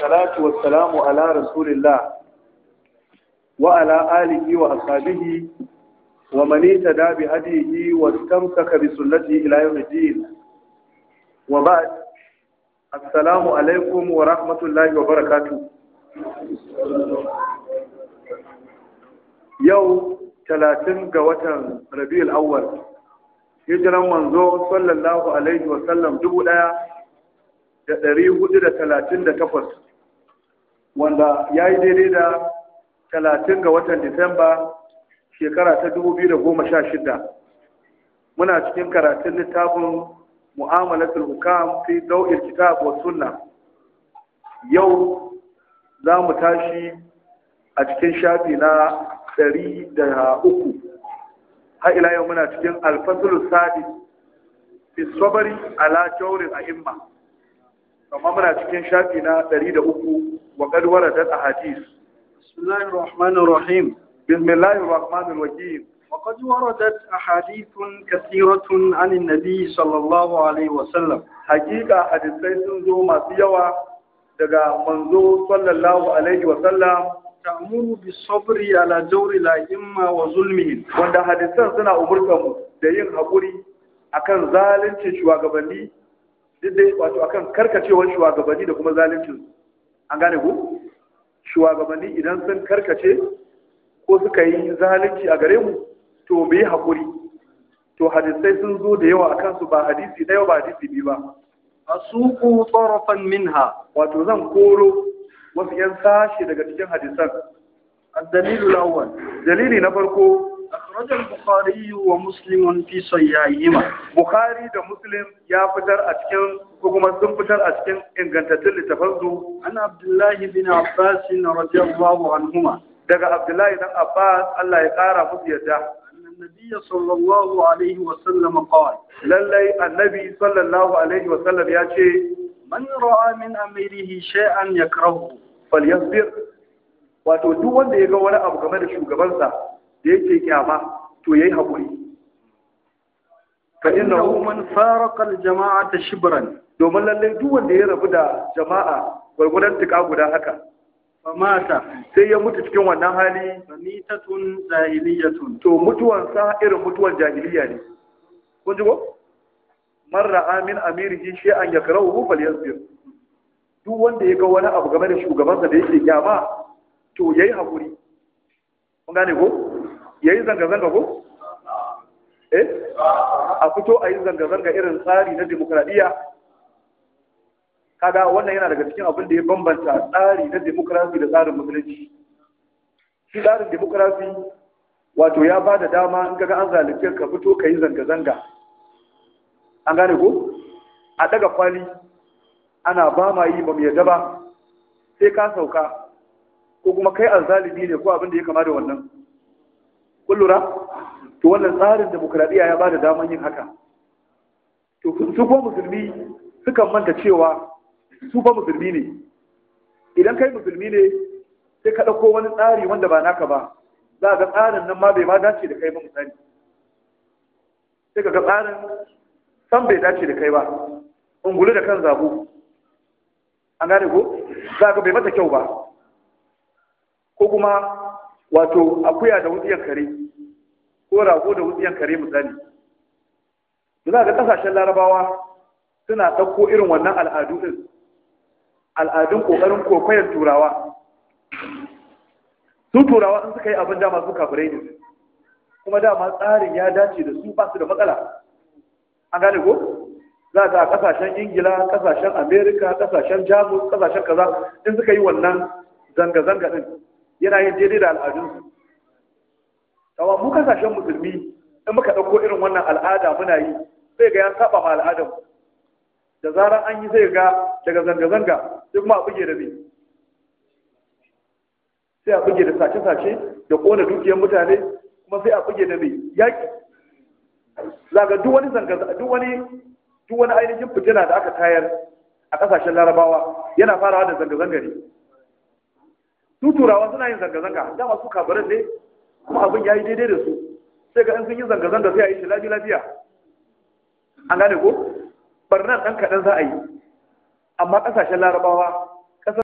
salatu wa wassalamu ala rasulillah wa ala alihi wa ashabihi wa man tada bi hadihi wa istamsaka bi sunnatihi ila yawm al-din wa ba'd assalamu alaikum wa rahmatullahi wa barakatuh yau 30 ga watan rabiul awwal hijran manzo sallallahu alaihi wa sallam dubu daya da 438 wanda ya yi daidai da talatin ga watan disamba shekara ta dubu biyu da goma sha shida muna cikin karatun littafin mu'amalatul hukam fi dau'il kitab wa sunna yau za mu tashi a cikin shafi na ɗari da uku har ila yau muna cikin alfasulul sadi fi sobari ala a a'imma amma muna cikin shafi na ɗari da uku وقد وردت أحاديث بسم الله الرحمن الرحيم بسم الله الرحمن الرحيم وقد وردت أحاديث كثيرة عن النبي صلى الله عليه وسلم حقيقة حديثي سنزو ما سيوا دقا منزو صلى الله عليه وسلم تأمر بالصبر على دور الأئمة وظلمهم وأن حديثان سنة أمركم دين هبوري akan zalincin shugabanni duk dai wato akan karkacewar shugabanni da kuma zalincin su an gane ku shugabanni idan sun karkace ko suka yi zalunci a gare mu to mu yi haƙuri to hadisai sun zo da yawa akan su ba hadisi ɗaya ba hadisi biyu ba suku tarafan minha wato zan koro wasu yan sashe daga cikin hadisan ad-dalilu al-awwal dalili na farko أخرج البخاري ومسلم في صحيحهما بخاري ده مسلم يا فتر أتكن كما سن فتر أتكن إن كنت تلتفضل أنا عبد الله بن عباس رضي الله عنهما daga Abdullahi dan Abbas Allah ya ƙara musu yadda النبي صلى الله عليه وسلم قال للي النبي صلى الله عليه وسلم يأتي من رأى من أميره شيئا يكرهه فليصبر wato duk wanda ya ga wani abu game da shugabansa da yake kyama to yayi hakuri fa inna man faraqa al jama'ata shibran domin lalle duk wanda ya rabu da jama'a gurgudan tuka guda haka famata sai ya mutu cikin wannan hali mitatun jahiliyatun to mutuwansa irin mutuwan jahiliya ne kun ji ko marra amin amirihi shay'an yakrahu falyasbir duk wanda ya ga wani abu game da shugabansa da yake kyama to yayi hakuri kun gane ko ya yi zanga-zanga ko? eh? a fito a yi zanga-zanga irin tsari na demokradiyya kaga wannan yana daga cikin abin da ya bambanta tsari na demokrasi da tsarin musulunci shi tsarin demokrasi wato ya ba da dama in kaga an zalunce ka fito ka yi zanga-zanga an gane ko a daga kwali ana ba ma yi ba mu yarda ba sai ka sauka ko kuma kai alzalibi ne ko abin da ya kama da wannan kullura to wannan tsarin demokradiyya ya ba da daman yin haka to su ko musulmi suka manta cewa su fa musulmi ne idan kai musulmi ne sai ka ɗauko wani tsari wanda ba naka ba za ga tsarin nan ma bai ma dace da kai ba misali sai ka ga tsarin san bai dace da kai ba ungulu da kan zabu. an gane ko za ka bai mata kyau ba ko kuma wato akuya da wutsiyan kare ko rago da wutsiyan kare misali za ga kasashen larabawa suna ɗauko irin wannan al'adu ɗin al'adun ƙoƙarin kokoyar turawa su turawa in suka yi abin dama su kafirai ne kuma dama tsarin ya dace da su basu da matsala an gane ko za ka kasashen ingila kasashen amerika kasashen jamus kasashen kaza in suka yi wannan zanga-zanga din yana yin daidai da al'adunsu kawa mu kasashen musulmi in muka ɗauko irin wannan al'ada muna yi sai ga ya saba ma al'adar da zarar an yi sai ga daga zanga-zanga sai kuma a buge da me sai a buge da sace-sace da ƙona dukiyar mutane kuma sai a buge da me yaƙi zaga duk wani zanga duk wani duk wani ainihin fitina da aka tayar a kasashen larabawa yana farawa da zanga-zanga ne su turawa suna yin zanga-zanga dama su kabarin ne kuma abin ya yi daidai da su sai ga in sun yi zanga-zanga sai a yi shi lafiya lafiya an gane ko barnan ɗan kaɗan za a yi amma ƙasashen larabawa